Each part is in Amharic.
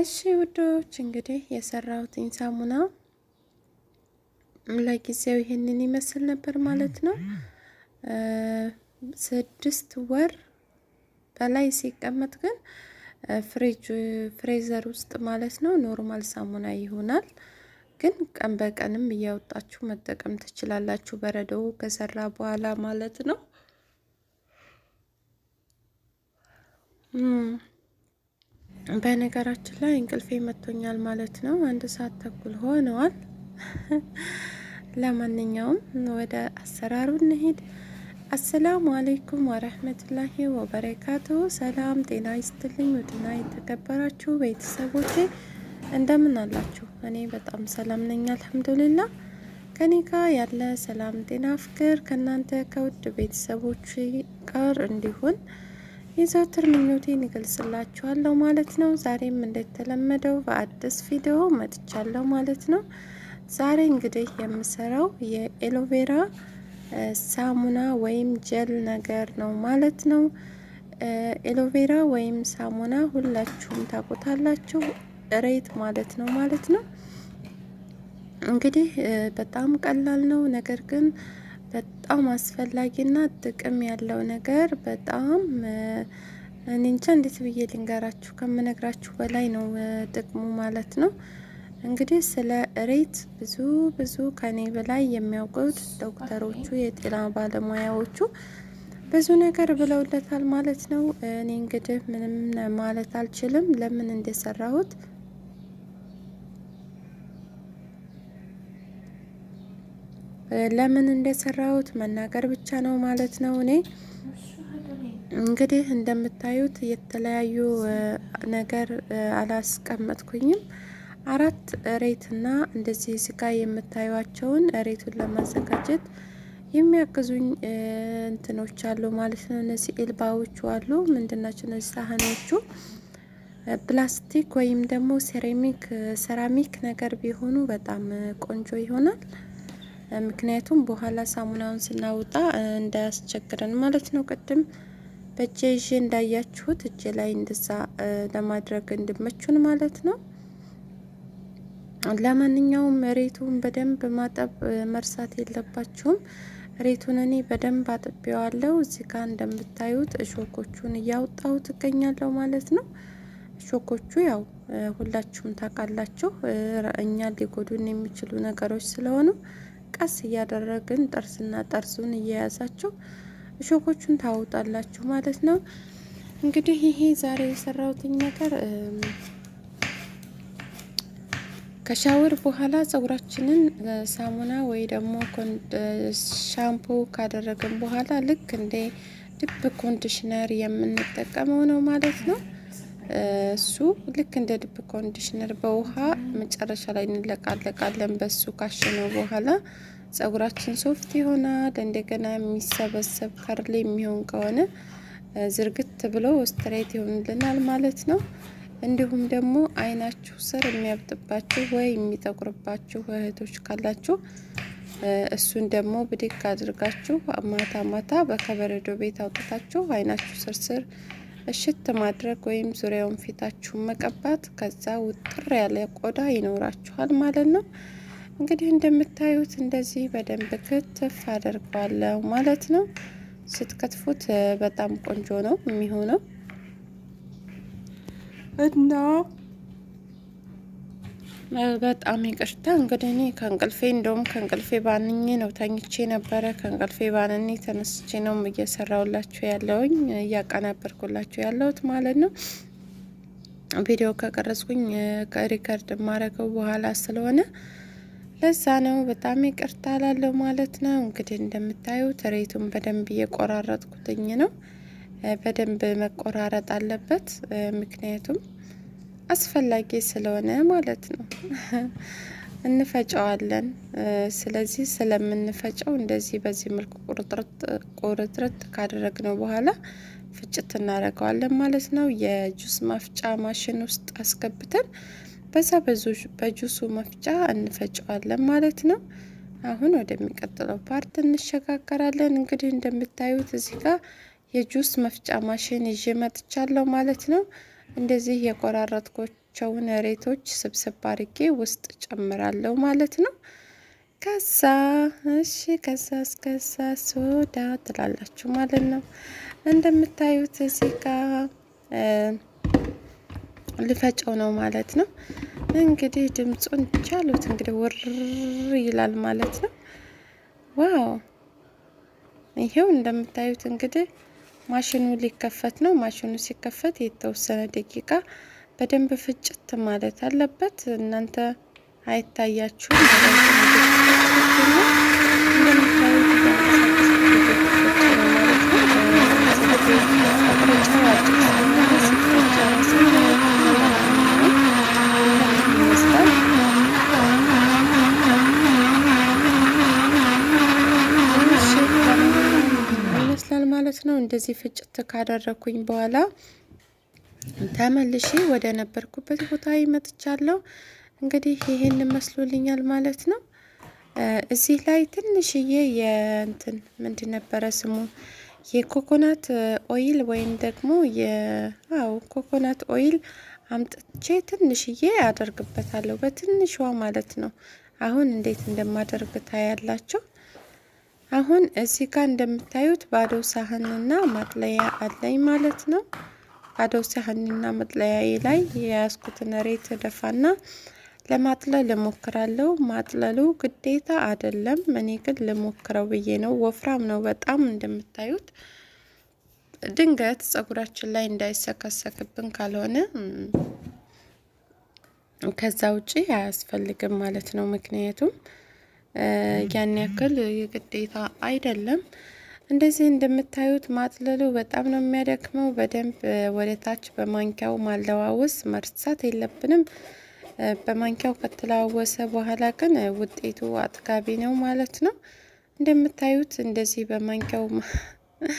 እሺ ውዶች እንግዲህ የሰራሁትን ሳሙና ለጊዜው ይህንን ይመስል ነበር ማለት ነው። ስድስት ወር በላይ ሲቀመጥ ግን ፍሪጅ ፍሬዘር ውስጥ ማለት ነው ኖርማል ሳሙና ይሆናል። ግን ቀን በቀንም እያወጣችሁ መጠቀም ትችላላችሁ። በረዶው ከሰራ በኋላ ማለት ነው። በነገራችን ላይ እንቅልፌ መጥቶኛል ማለት ነው። አንድ ሰዓት ተኩል ሆነዋል። ለማንኛውም ወደ አሰራሩ እንሄድ። አሰላሙ አለይኩም ወረህመቱላሂ ወበረካቱ። ሰላም ጤና ይስጥልኝ ውድና የተከበራችሁ ቤተሰቦቼ እንደምን አላችሁ? እኔ በጣም ሰላም ነኝ አልሐምዱሊላ። ከኔ ጋር ያለ ሰላም ጤና ፍቅር ከእናንተ ከውድ ቤተሰቦች ጋር እንዲሁን የዘወትር ምኞቴን ይገልጽላችኋለሁ ማለት ነው። ዛሬም እንደተለመደው በአዲስ ቪዲዮ መጥቻለሁ ማለት ነው። ዛሬ እንግዲህ የምሰራው የኤሎቬራ ሳሙና ወይም ጀል ነገር ነው ማለት ነው። ኤሎቬራ ወይም ሳሙና ሁላችሁም ታውቁታላችሁ፣ ሬት ማለት ነው ማለት ነው። እንግዲህ በጣም ቀላል ነው፣ ነገር ግን በጣም አስፈላጊና ጥቅም ያለው ነገር በጣም እኔ እንጃ እንዴት ብዬ ልንገራችሁ፣ ከምነግራችሁ በላይ ነው ጥቅሙ ማለት ነው። እንግዲህ ስለ ሬት ብዙ ብዙ ከኔ በላይ የሚያውቁት ዶክተሮቹ፣ የጤና ባለሙያዎቹ ብዙ ነገር ብለውለታል ማለት ነው። እኔ እንግዲህ ምንም ማለት አልችልም ለምን እንደሰራሁት ለምን እንደሰራሁት መናገር ብቻ ነው ማለት ነው። እኔ እንግዲህ እንደምታዩት የተለያዩ ነገር አላስቀመጥኩኝም። አራት ሬትና እንደዚህ ስጋ የምታዩቸውን ሬቱን ለማዘጋጀት የሚያግዙኝ እንትኖች አሉ ማለት ነው። እነዚህ ኤልባዎቹ አሉ። ናቸው እነዚህ ሳህኖቹ? ፕላስቲክ ወይም ደግሞ ሴራሚክ ሴራሚክ ነገር ቢሆኑ በጣም ቆንጆ ይሆናል። ምክንያቱም በኋላ ሳሙናውን ስናውጣ እንዳያስቸግረን ማለት ነው። ቅድም በእጄ ይዤ እንዳያችሁት እጄ ላይ እንደዛ ለማድረግ እንድመቹን ማለት ነው። ለማንኛውም ሬቱን በደንብ ማጠብ መርሳት የለባችሁም። ሬቱን እኔ በደንብ አጥቤዋለሁ። እዚህ ጋር እንደምታዩት እሾኮቹን እያወጣሁ ትገኛለሁ ማለት ነው። እሾኮቹ ያው ሁላችሁም ታውቃላችሁ፣ እኛ ሊጎዱን የሚችሉ ነገሮች ስለሆኑ ቀስ እያደረግን ጠርስና ጠርሱን እየያዛችሁ እሾኮቹን ታውጣላችሁ ማለት ነው። እንግዲህ ይሄ ዛሬ የሰራሁትኝ ነገር ከሻወር በኋላ ጸጉራችንን ሳሙና ወይ ደግሞ ሻምፖ ካደረግን በኋላ ልክ እንደ ድብ ኮንዲሽነር የምንጠቀመው ነው ማለት ነው። እሱ ልክ እንደ ድብ ኮንዲሽነር በውሃ መጨረሻ ላይ እንለቃለቃለን። በሱ ካሸነው በኋላ ጸጉራችን ሶፍት ይሆናል። እንደገና የሚሰበሰብ ከርል የሚሆን ከሆነ ዝርግት ብሎ ስትሬት ይሆንልናል ማለት ነው። እንዲሁም ደግሞ አይናችሁ ስር የሚያብጥባችሁ ወይ የሚጠቁርባችሁ እህቶች ካላችሁ እሱን ደግሞ ብድግ አድርጋችሁ ማታ ማታ በከበረዶ ቤት አውጥታችሁ አይናችሁ ስር ስር እሽት ማድረግ ወይም ዙሪያውን ፊታችሁን መቀባት ከዛ ውጥር ያለ ቆዳ ይኖራችኋል ማለት ነው። እንግዲህ እንደምታዩት እንደዚህ በደንብ ክትፍ አደርገዋለሁ ማለት ነው። ስትከትፉት በጣም ቆንጆ ነው የሚሆነው። እና በጣም ይቅርታ እንግዲህ እኔ ከእንቅልፌ እንደውም ከእንቅልፌ ባንኜ ነው ተኝቼ ነበረ። ከእንቅልፌ ባንኜ ተነስቼ ነው እየሰራውላችሁ ያለውኝ እያቀናበርኩላችሁ ያለሁት ማለት ነው። ቪዲዮ ከቀረጽኩኝ ሪከርድ ማረገው በኋላ ስለሆነ ለዛ ነው በጣም ይቅርታ ላለው ማለት ነው። እንግዲህ እንደምታዩ ትሬቱን በደንብ እየቆራረጥኩትኝ ነው። በደንብ መቆራረጥ አለበት። ምክንያቱም አስፈላጊ ስለሆነ ማለት ነው። እንፈጨዋለን። ስለዚህ ስለምንፈጨው እንደዚህ በዚህ መልኩ ቁርጥርጥ ካደረግነው በኋላ ፍጭት እናደርገዋለን ማለት ነው። የጁስ ማፍጫ ማሽን ውስጥ አስገብተን በዛ በጁሱ መፍጫ እንፈጨዋለን ማለት ነው። አሁን ወደሚቀጥለው ፓርት እንሸጋገራለን። እንግዲህ እንደምታዩት እዚህ ጋር የጁስ መፍጫ ማሽን ይዤ መጥቻለሁ ማለት ነው። እንደዚህ የቆራረጥኳቸውን ሬቶች ስብስብ አድርጌ ውስጥ ጨምራለሁ ማለት ነው። ከዛ እሺ፣ ከዛ እስከዛ ሶዳ ትላላችሁ ማለት ነው። እንደምታዩት እዚህ ጋር ልፈጨው ነው ማለት ነው። እንግዲህ ድምፁን ቻሉት እንግዲህ ውር ይላል ማለት ነው። ዋው ይሄው እንደምታዩት እንግዲህ ማሽኑ ሊከፈት ነው። ማሽኑ ሲከፈት የተወሰነ ደቂቃ በደንብ ፍጭት ማለት አለበት። እናንተ አይታያችሁም። እንደዚህ ፍጭት ካደረኩኝ በኋላ ተመልሼ ወደ ነበርኩበት ቦታ ይመጥቻለሁ። እንግዲህ ይሄን መስሎልኛል ማለት ነው። እዚህ ላይ ትንሽዬ የእንትን ምንድን ነበረ ስሙ የኮኮናት ኦይል ወይም ደግሞ የው ኮኮናት ኦይል አምጥቼ ትንሽዬ አደርግበታለሁ በትንሿ ማለት ነው። አሁን እንዴት እንደማደርግ ታያላችሁ። አሁን እዚህ ጋር እንደምታዩት ባዶ ሳህንና መጥለያ አለኝ ማለት ነው። ባዶ ሳህንና መጥለያዬ ላይ የያዝኩትን ሬት ደፋና ለማጥለል እሞክራለሁ። ማጥለሉ ግዴታ አይደለም፣ እኔ ግን ልሞክረው ብዬ ነው። ወፍራም ነው በጣም እንደምታዩት። ድንገት ጸጉራችን ላይ እንዳይሰከሰክብን ካልሆነ ከዛ ውጪ አያስፈልግም ማለት ነው ምክንያቱም ያን ያክል የግዴታ አይደለም። እንደዚህ እንደምታዩት ማጥለሉ በጣም ነው የሚያደክመው። በደንብ ወደ ታች በማንኪያው ማለዋወስ መርሳት የለብንም። በማንኪያው ከተለዋወሰ በኋላ ግን ውጤቱ አጥጋቢ ነው ማለት ነው። እንደምታዩት እንደዚህ በማንኪያው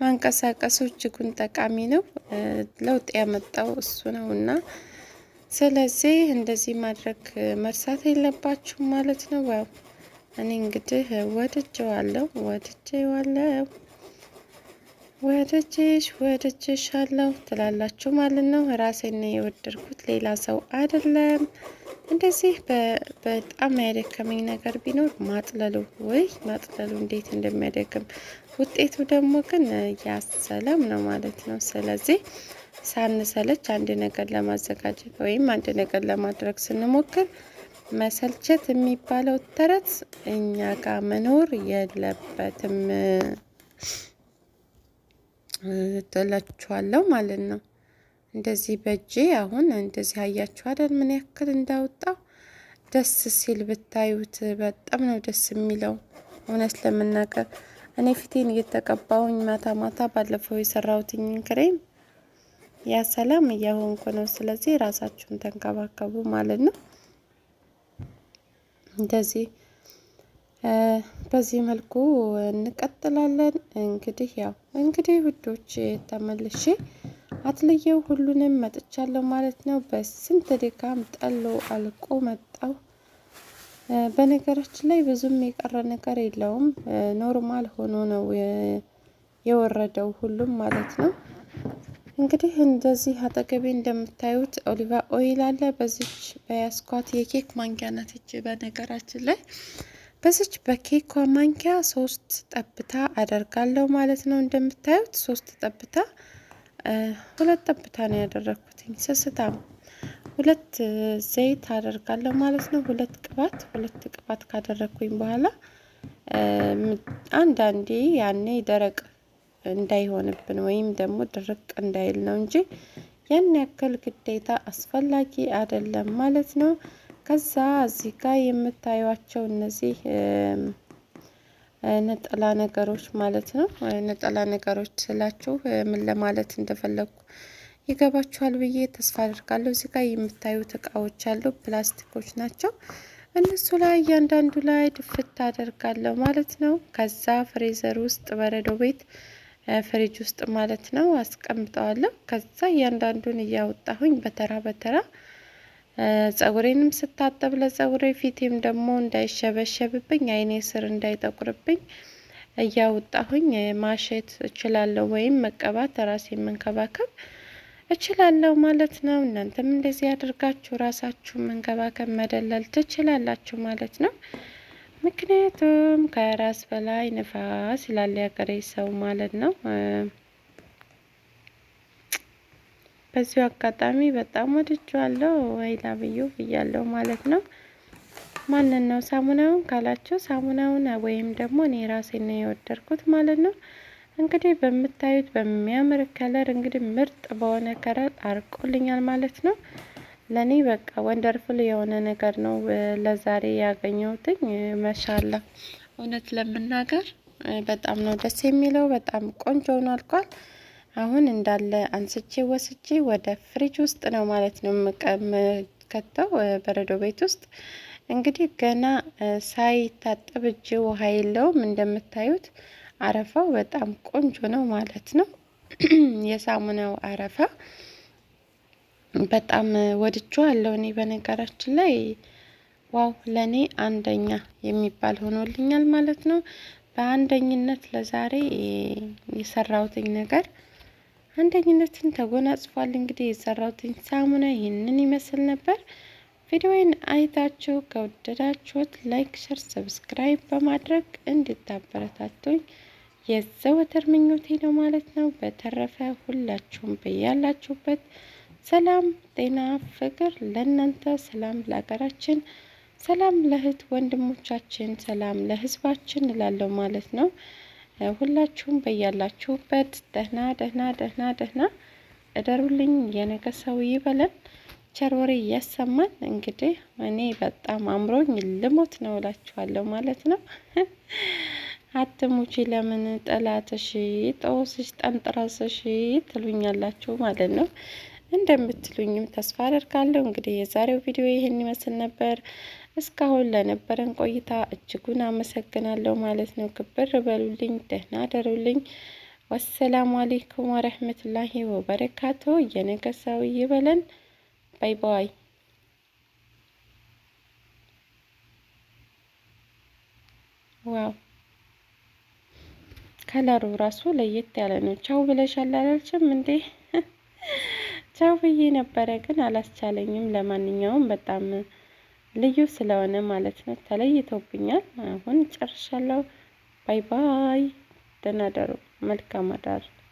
ማንቀሳቀሱ እጅጉን ጠቃሚ ነው። ለውጥ ያመጣው እሱ ነው እና ስለዚህ እንደዚህ ማድረግ መርሳት የለባችሁ ማለት ነው። እኔ እንግዲህ ወድጄዋለሁ ወድጄዋለሁ ወድጄሽ ወድጄሽ አለው ትላላችሁ ማለት ነው። ራሴን የወደድኩት ሌላ ሰው አይደለም። እንደዚህ በጣም ያደከመኝ ነገር ቢኖር ማጥለሉ ወይ ማጥለሉ እንዴት እንደሚያደክም ውጤቱ ደግሞ ግን ያሰለም ነው ማለት ነው። ስለዚህ ሳንሰለች አንድ ነገር ለማዘጋጀት ወይም አንድ ነገር ለማድረግ ስንሞክር መሰልቸት የሚባለው ተረት እኛ ጋ መኖር የለበትም ትላችኋለሁ ማለት ነው። እንደዚህ በእጄ አሁን እንደዚህ አያችሁ አይደል? ምን ያክል እንዳወጣው ደስ ሲል ብታዩት በጣም ነው ደስ የሚለው። እውነት ለመናገር እኔ ፊቴን እየተቀባውኝ ማታ ማታ ባለፈው የሰራሁትኝ ክሬም ያ ሰላም እያሆንኩ ነው። ስለዚህ ራሳችሁን ተንከባከቡ ማለት ነው። እንደዚህ በዚህ መልኩ እንቀጥላለን። እንግዲህ ያው እንግዲህ ውዶች ተመልሼ አትለየው ሁሉንም መጥቻለሁ ማለት ነው። በስንት ድካም ጠሎ አልቆ መጣው። በነገራችን ላይ ብዙም የቀረ ነገር የለውም። ኖርማል ሆኖ ነው የወረደው ሁሉም ማለት ነው። እንግዲህ እንደዚህ አጠገቤ እንደምታዩት ኦሊቫ ኦይል አለ። በዚች በያስኳት የኬክ ማንኪያ ናትች። በነገራችን ላይ በዚች በኬኳ ማንኪያ ሶስት ጠብታ አደርጋለሁ ማለት ነው። እንደምታዩት ሶስት ጠብታ፣ ሁለት ጠብታ ነው ያደረግኩትኝ። ስስታም ሁለት ዘይት አደርጋለሁ ማለት ነው። ሁለት ቅባት፣ ሁለት ቅባት ካደረግኩኝ በኋላ አንዳንዴ ያኔ ደረቅ እንዳይሆንብን ወይም ደግሞ ድርቅ እንዳይል ነው እንጂ ያን ያክል ግዴታ አስፈላጊ አይደለም ማለት ነው። ከዛ እዚህ ጋር የምታዩቸው እነዚህ ነጠላ ነገሮች ማለት ነው። ነጠላ ነገሮች ስላችሁ ምን ለማለት እንደፈለግኩ ይገባችኋል ብዬ ተስፋ አድርጋለሁ። እዚህ ጋር የምታዩት እቃዎች ያሉ ፕላስቲኮች ናቸው። እነሱ ላይ እያንዳንዱ ላይ ድፍት አደርጋለሁ ማለት ነው። ከዛ ፍሬዘር ውስጥ በረዶ ቤት ፍሪጅ ውስጥ ማለት ነው አስቀምጠዋለሁ። ከዛ እያንዳንዱን እያወጣሁኝ በተራ በተራ ጸጉሬንም ስታጠብ ለጸጉሬ ፊቴም ደግሞ እንዳይሸበሸብብኝ አይኔ ስር እንዳይጠቁርብኝ እያወጣሁኝ ማሸት እችላለሁ፣ ወይም መቀባት ራሴ መንከባከብ እችላለሁ ማለት ነው። እናንተም እንደዚህ አድርጋችሁ ራሳችሁ መንከባከብ መደለል ትችላላችሁ ማለት ነው። ምክንያቱም ከራስ በላይ ንፋስ ይላል ያገሬ ሰው ማለት ነው። በዚሁ አጋጣሚ በጣም ወድጄዋለሁ። አይላ ብዩ ብያለሁ ማለት ነው። ማንን ነው ሳሙናውን ካላችሁ ሳሙናውን ወይም ደግሞ እኔ ራሴ ነው የወደድኩት ማለት ነው። እንግዲህ በምታዩት በሚያምር ከለር እንግዲህ ምርጥ በሆነ ከለር አርቆልኛል ማለት ነው። ለእኔ በቃ ወንደርፉል የሆነ ነገር ነው ለዛሬ ያገኘሁትኝ። መሻላ እውነት ለመናገር በጣም ነው ደስ የሚለው። በጣም ቆንጆ ሆኖ አልቋል። አሁን እንዳለ አንስቼ ወስጄ ወደ ፍሪጅ ውስጥ ነው ማለት ነው የምከተው በረዶ ቤት ውስጥ እንግዲህ ገና ሳይታጠብ እጅ ውሃ የለውም። እንደምታዩት አረፋው በጣም ቆንጆ ነው ማለት ነው የሳሙናው አረፋ በጣም ወድጄዋለሁ። እኔ በነገራችን ላይ ዋው ለእኔ አንደኛ የሚባል ሆኖልኛል ማለት ነው። በአንደኝነት ለዛሬ የሰራሁትኝ ነገር አንደኝነትን ተጎናጽፏል። እንግዲህ የሰራሁትኝ ሳሙና ይህንን ይመስል ነበር። ቪዲዮውን አይታችሁ ከወደዳችሁት ላይክ፣ ሸር፣ ሰብስክራይብ በማድረግ እንድታበረታቱኝ የዘወትር ምኞቴ ነው ማለት ነው። በተረፈ ሁላችሁም በያላችሁበት ሰላም፣ ጤና፣ ፍቅር ለእናንተ፣ ሰላም ለሀገራችን፣ ሰላም ለእህት ወንድሞቻችን፣ ሰላም ለህዝባችን እላለሁ ማለት ነው። ሁላችሁም በያላችሁበት ደህና ደህና ደህና ደህና እደሩልኝ። የነገ ሰው ይበለን፣ ቸር ወሬ እያሰማን። እንግዲህ እኔ በጣም አምሮኝ ልሞት ነው እላችኋለሁ ማለት ነው። አትሙቺ ለምን ጠላትሽ ጦስሽ ጠንጥራስሽ ትሉኛላችሁ ማለት ነው። እንደምትሉኝም ተስፋ አደርጋለሁ። እንግዲህ የዛሬው ቪዲዮ ይህን ይመስል ነበር። እስካሁን ለነበረን ቆይታ እጅጉን አመሰግናለሁ ማለት ነው። ክብር በሉልኝ፣ ደህና አደሩልኝ። ወሰላሙ አሌይኩም ወረህመቱላሂ ወበረካቶ። የነገ ሰው ይበለን። ባይ ባይ። ዋው ከለሩ ራሱ ለየት ያለ ነው። ቻው ብለሻል አላልችም እንዴ? ቻው ብዬ ነበረ ግን አላስቻለኝም። ለማንኛውም በጣም ልዩ ስለሆነ ማለት ነው ተለይቶብኛል። አሁን ጨርሻለሁ። ባይ ባይ። ደህና ደሩ። መልካም አዳር